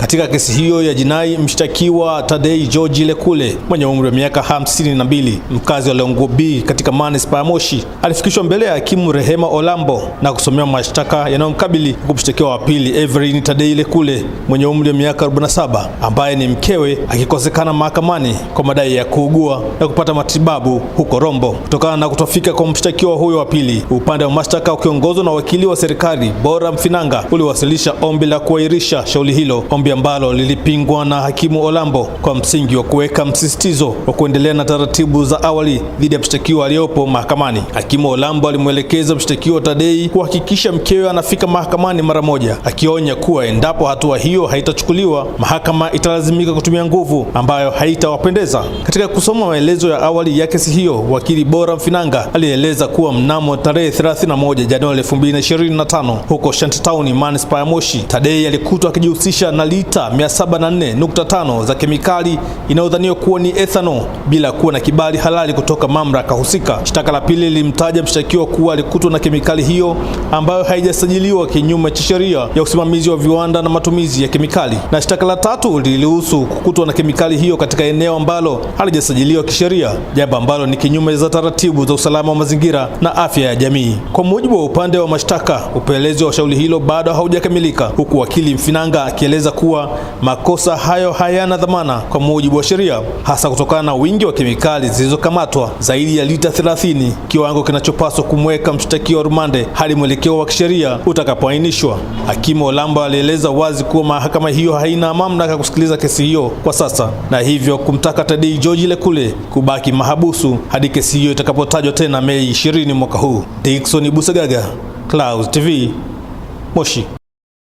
Katika kesi hiyo ya jinai, mshtakiwa Tadei George Lekule mwenye umri wa miaka hamsini na mbili mkazi wa Leongo B katika manispaa ya Moshi alifikishwa mbele ya hakimu Rehema Olambo na kusomewa mashtaka yanayomkabili, huku mshtakiwa wa pili Everine Tadei Lekule mwenye umri wa miaka 47 ambaye ni mkewe akikosekana mahakamani kwa madai ya kuugua na kupata matibabu huko Rombo kutokana na kutofika kwa mshtakiwa huyo wa pili. Upande wa mashtaka ukiongozwa na wakili wa serikali Bora Mfinanga uliwasilisha ombi la kuahirisha shauri hilo ombi ombi ambalo lilipingwa na hakimu Olambo kwa msingi wa kuweka msisitizo wa kuendelea na taratibu za awali dhidi ya mshtakiwa aliyopo mahakamani. Hakimu Olambo alimwelekeza mshtakiwa Tadei kuhakikisha mkewe anafika mahakamani mara moja, akionya kuwa endapo hatua hiyo haitachukuliwa, mahakama italazimika kutumia nguvu ambayo haitawapendeza. Katika kusoma maelezo ya awali ya kesi hiyo, wakili Bora Mfinanga alieleza kuwa mnamo tarehe 31 Januari 2025 huko Shanty Town, Manispaa ya Moshi, Tadei alikutwa akijihusisha na lita 704.5 za kemikali inayodhaniwa kuwa ni ethanol bila kuwa na kibali halali kutoka mamlaka husika. Shtaka la pili lilimtaja mshtakiwa kuwa alikutwa na kemikali hiyo ambayo haijasajiliwa kinyume cha sheria ya usimamizi wa viwanda na matumizi ya kemikali, na shtaka la tatu lilihusu kukutwa na kemikali hiyo katika eneo ambalo halijasajiliwa kisheria, jambo ambalo ni kinyume za taratibu za usalama wa mazingira na afya ya jamii. Kwa mujibu wa upande wa mashtaka, upelelezi wa shauri hilo bado haujakamilika, huku wakili Mfinanga akieleza kuwa kuwa makosa hayo hayana dhamana kwa mujibu wa sheria, hasa kutokana na wingi wa kemikali zilizokamatwa, zaidi ya lita 30, kiwango kinachopaswa kumweka mshtakiwa rumande hadi mwelekeo wa kisheria utakapoainishwa. Hakimu Olamba alieleza wazi kuwa mahakama hiyo haina mamlaka kusikiliza kesi hiyo kwa sasa, na hivyo kumtaka Tadei George Lekule kubaki mahabusu hadi kesi hiyo itakapotajwa tena Mei 20 mwaka huu. Dickson Busagaga, Clouds TV, Moshi.